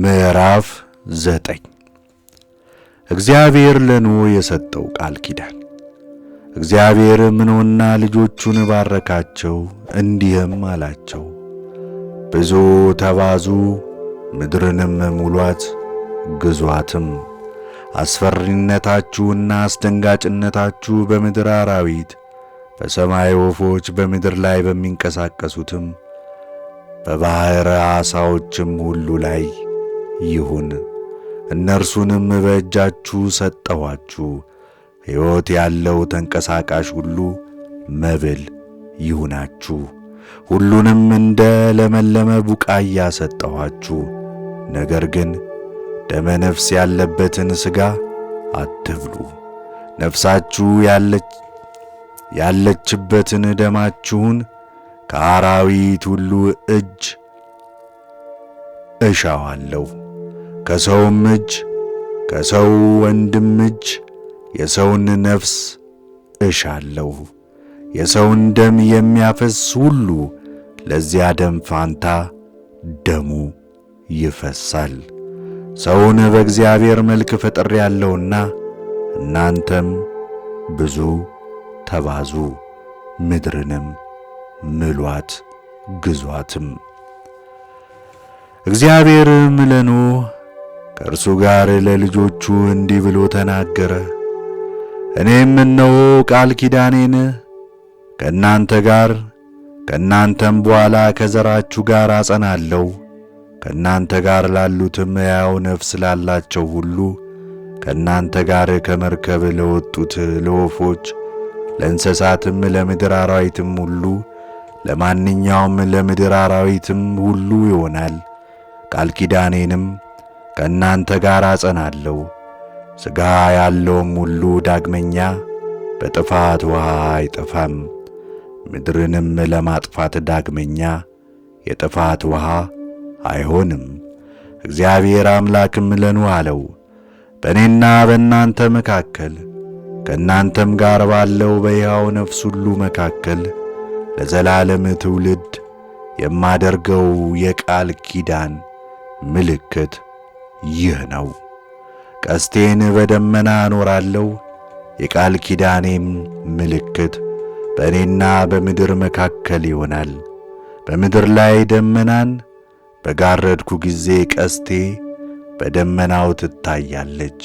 ምዕራፍ ዘጠኝ እግዚአብሔር ለኖ የሰጠው ቃል ኪዳን። እግዚአብሔርም ኖና ልጆቹን ባረካቸው፣ እንዲህም አላቸው፦ ብዙ ተባዙ፣ ምድርንም ሙሏት፣ ግዟትም። አስፈሪነታችሁና አስደንጋጭነታችሁ በምድር አራዊት፣ በሰማይ ወፎች፣ በምድር ላይ በሚንቀሳቀሱትም በባሕር ዓሣዎችም ሁሉ ላይ ይሁን። እነርሱንም በእጃችሁ ሰጠኋችሁ። ሕይወት ያለው ተንቀሳቃሽ ሁሉ መብል ይሁናችሁ። ሁሉንም እንደ ለመለመ ቡቃያ ሰጠኋችሁ። ነገር ግን ደመ ነፍስ ያለበትን ሥጋ አትብሉ። ነፍሳችሁ ያለችበትን ደማችሁን ከአራዊት ሁሉ እጅ እሻዋለሁ። ከሰውም እጅ ከሰው ወንድም እጅ የሰውን ነፍስ እሻለሁ። የሰውን ደም የሚያፈስ ሁሉ ለዚያ ደም ፋንታ ደሙ ይፈሳል። ሰውን በእግዚአብሔር መልክ ያለውና እናንተም ብዙ ተባዙ፣ ምድርንም ምሏት፣ ግዟትም። እግዚአብሔርም ለኖኅ ከእርሱ ጋር ለልጆቹ እንዲህ ብሎ ተናገረ። እኔም እነሆ ቃል ኪዳኔን ከእናንተ ጋር ከእናንተም በኋላ ከዘራችሁ ጋር አጸናለሁ ከእናንተ ጋር ላሉትም ሕያው ነፍስ ላላቸው ሁሉ ከእናንተ ጋር ከመርከብ ለወጡት ለወፎች፣ ለእንስሳትም፣ ለምድር አራዊትም ሁሉ ለማንኛውም ለምድር አራዊትም ሁሉ ይሆናል። ቃል ኪዳኔንም ከእናንተ ጋር አጸናለሁ። ሥጋ ያለውም ሁሉ ዳግመኛ በጥፋት ውሃ አይጠፋም። ምድርንም ለማጥፋት ዳግመኛ የጥፋት ውሃ አይሆንም። እግዚአብሔር አምላክም ለኑ አለው፣ በእኔና በእናንተ መካከል ከእናንተም ጋር ባለው በሕያው ነፍስ ሁሉ መካከል ለዘላለም ትውልድ የማደርገው የቃል ኪዳን ምልክት ይህ ነው። ቀስቴን በደመና አኖራለሁ፣ የቃል ኪዳኔም ምልክት በእኔና በምድር መካከል ይሆናል። በምድር ላይ ደመናን በጋረድኩ ጊዜ ቀስቴ በደመናው ትታያለች።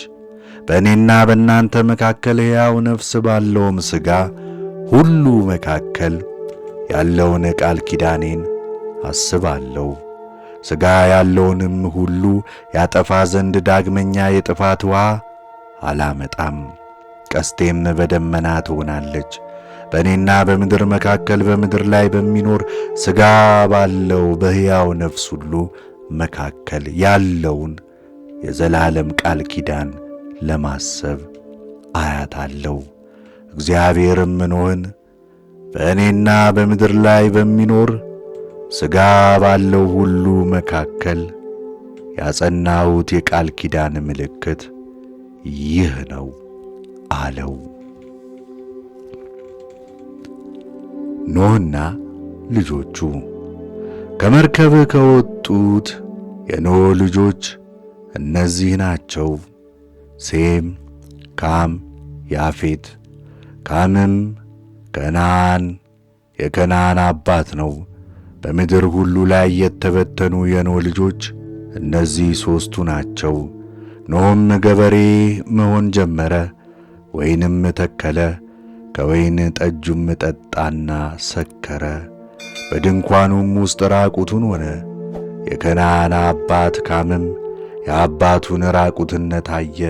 በእኔና በእናንተ መካከል ሕያው ነፍስ ባለውም ሥጋ ሁሉ መካከል ያለውን ቃል ኪዳኔን አስባለሁ። ሥጋ ያለውንም ሁሉ ያጠፋ ዘንድ ዳግመኛ የጥፋት ውሃ አላመጣም። ቀስቴም በደመና ትሆናለች። በእኔና በምድር መካከል በምድር ላይ በሚኖር ሥጋ ባለው በሕያው ነፍስ ሁሉ መካከል ያለውን የዘላለም ቃል ኪዳን ለማሰብ አለው። እግዚአብሔርም ኖኅን በእኔና በምድር ላይ በሚኖር ሥጋ ባለው ሁሉ መካከል ያጸናሁት የቃል ኪዳን ምልክት ይህ ነው አለው። ኖህና ልጆቹ ከመርከብ ከወጡት የኖህ ልጆች እነዚህ ናቸው። ሴም፣ ካም፣ ያፌት። ካምም ከናን የከናን አባት ነው። በምድር ሁሉ ላይ የተበተኑ የኖ ልጆች እነዚህ ሦስቱ ናቸው። ኖኅም ገበሬ መሆን ጀመረ፣ ወይንም ተከለ፣ ከወይን ጠጁም ጠጣና ሰከረ። በድንኳኑም ውስጥ ራቁቱን ሆነ። የከነዓን አባት ካምም የአባቱን ራቁትነት አየ።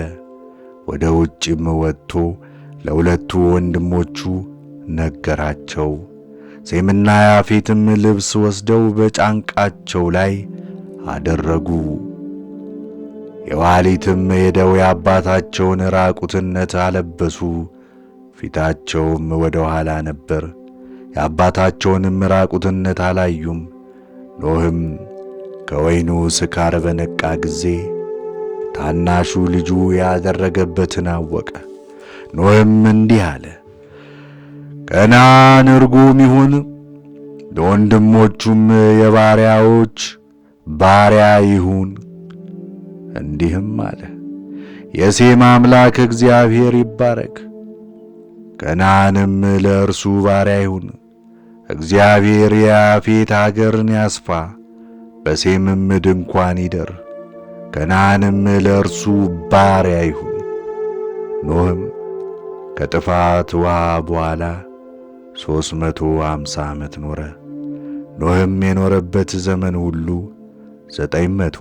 ወደ ውጭም ወጥቶ ለሁለቱ ወንድሞቹ ነገራቸው። ሴምና ያፌትም ልብስ ወስደው በጫንቃቸው ላይ አደረጉ። የዋሊትም ሄደው የአባታቸውን ራቁትነት አለበሱ፣ ፊታቸውም ወደ ኋላ ነበር። የአባታቸውንም ራቁትነት አላዩም። ኖህም ከወይኑ ስካር በነቃ ጊዜ ታናሹ ልጁ ያደረገበትን አወቀ። ኖህም እንዲህ አለ ከነዓን እርጉም ይሁን ለወንድሞቹም የባሪያዎች ባሪያ ይሁን። እንዲህም አለ፣ የሴም አምላክ እግዚአብሔር ይባረክ፣ ከናንም ለእርሱ ባሪያ ይሁን። እግዚአብሔር የያፌት አገርን ያስፋ፣ በሴምም ድንኳን ይደር፣ ከናንም ለእርሱ ባሪያ ይሁን። ኖህም ከጥፋት ውሃ በኋላ ሦስት መቶ አምሳ ዓመት ኖረ። ኖህም የኖረበት ዘመን ሁሉ ዘጠኝ መቶ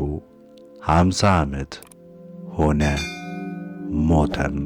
አምሳ ዓመት ሆነ፣ ሞተም።